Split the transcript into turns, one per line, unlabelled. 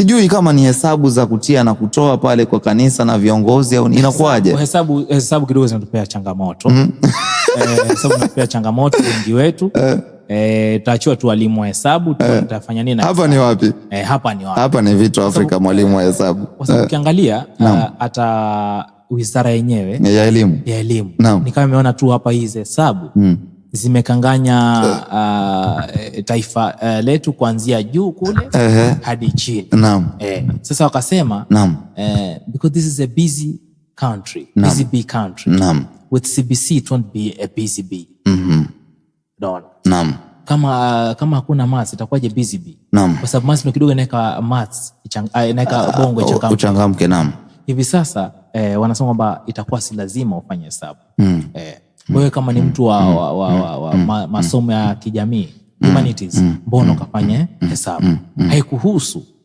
Sijui kama ni hesabu za kutia na kutoa pale kwa kanisa na viongozi au inakuwaje?
Hesabu, hesabu kidogo zinatupea changamoto mm. Eh, changamoto wengi wetu eh. eh tu walimu wa hesabu tutafanya eh. nini?
Hapa ni wapi?
e, hapa ni wapi?
Hapa ni vitu Afrika, mwalimu wa hesabu.
Kwa sababu ukiangalia hata wizara yenyewe ya elimu ya elimu nikawa imeona tu hapa hizi hesabu mm zimekanganya uh, taifa uh, letu kuanzia juu kule uh -huh. hadi chini naam. Eh, sasa wakasema naam. Eh, because this is a busy country naam. busy bee country naam. with CBC it won't be a busy bee mm -hmm. naam. Kama uh, kama hakuna maths itakuwaje busy bee? Naam. Kwa sababu maths ndio kidogo inaweka maths ah, inaweka bongo oh, changamke
uchangamke naam.
Hivi sasa eh, wanasema kwamba itakuwa si lazima ufanye hesabu mm. eh, wewe kama ni mtu wa, mm. wa, wa, wa, wa mm. ma, mm. masomo ya kijamii humanities, mbona ukafanya hesabu? Haikuhusu.